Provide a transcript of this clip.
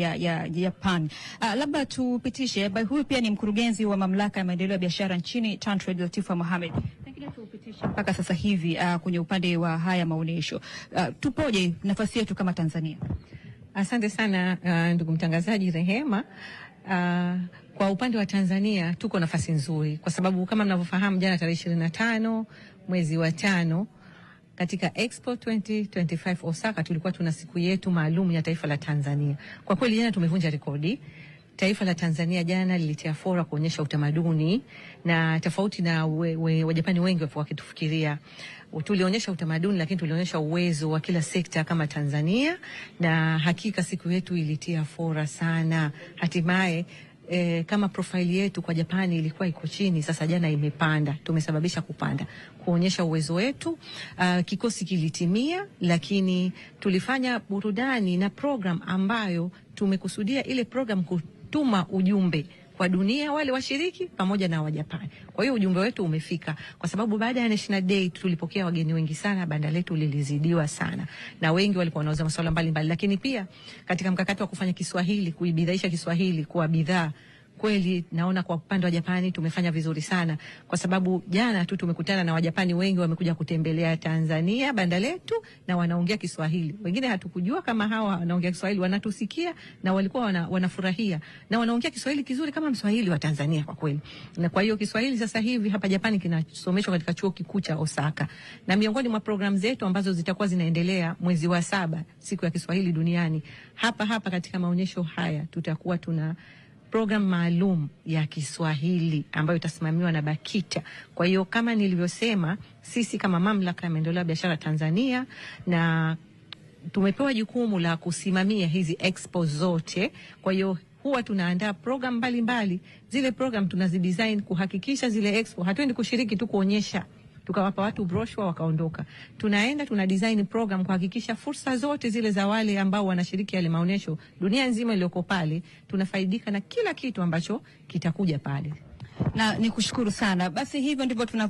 ya ya Japan. Uh, labda tupitishe by huyu pia ni mkurugenzi wa mamlaka ya maendeleo ya biashara nchini Tantrade, Latifa Mohamed. Pengine tupitishe mpaka sasa hivi uh, kwenye upande wa haya maonyesho uh, tupoje nafasi yetu kama Tanzania? Asante sana uh, ndugu mtangazaji Rehema. Uh, kwa upande wa Tanzania tuko nafasi nzuri kwa sababu kama mnavyofahamu, jana tarehe ishirini na tano mwezi wa tano katika Expo 2025 Osaka tulikuwa tuna siku yetu maalum ya taifa la Tanzania. Kwa kweli jana tumevunja rekodi. Taifa la Tanzania jana lilitia fora kuonyesha utamaduni na tofauti na Wajapani we, we, wengi wakitufikiria tulionyesha utamaduni lakini tulionyesha uwezo wa kila sekta kama Tanzania, na hakika siku yetu ilitia fora sana hatimaye e, kama profaili yetu kwa Japani ilikuwa iko chini, sasa jana imepanda, tumesababisha kupanda kuonyesha uwezo wetu. Uh, kikosi kilitimia, lakini tulifanya burudani na program ambayo tumekusudia ile program kutuma ujumbe wa dunia wale washiriki pamoja na Wajapani. Kwa hiyo ujumbe wetu umefika, kwa sababu baada ya National Day tulipokea wageni wengi sana, banda letu lilizidiwa sana na wengi walikuwa wanauza masuala mbalimbali, lakini pia katika mkakati wa kufanya Kiswahili, kuibidhaisha Kiswahili kuwa bidhaa kweli naona kwa upande wa Japani tumefanya vizuri sana, kwa sababu jana tu tumekutana na Wajapani wengi wamekuja kutembelea Tanzania, banda letu, na wanaongea Kiswahili. Wengine hatukujua kama hawa wanaongea Kiswahili, wanatusikia na walikuwa wana, wanafurahia na wanaongea Kiswahili kizuri kama Mswahili wa Tanzania kwa kweli. Na kwa hiyo Kiswahili sasa hivi hapa Japani kinasomeshwa katika chuo kikuu cha Osaka, na miongoni mwa programu zetu ambazo zitakuwa zinaendelea mwezi wa saba, siku ya Kiswahili duniani, hapa hapa katika maonyesho haya tutakuwa tuna programu maalum ya Kiswahili ambayo itasimamiwa na BAKITA. Kwa hiyo kama nilivyosema, sisi kama mamlaka ya maendeleo ya biashara Tanzania na tumepewa jukumu la kusimamia hizi expo zote. Kwa hiyo huwa tunaandaa programu mbalimbali, zile programu tunazidesign kuhakikisha zile expo, hatuendi kushiriki tu kuonyesha tukawapa watu brochure wakaondoka. Tunaenda tuna design program kuhakikisha fursa zote zile za wale ambao wanashiriki yale maonyesho dunia nzima iliyoko pale, tunafaidika na kila kitu ambacho kitakuja pale, na nikushukuru sana. Basi hivyo ndivyo tuna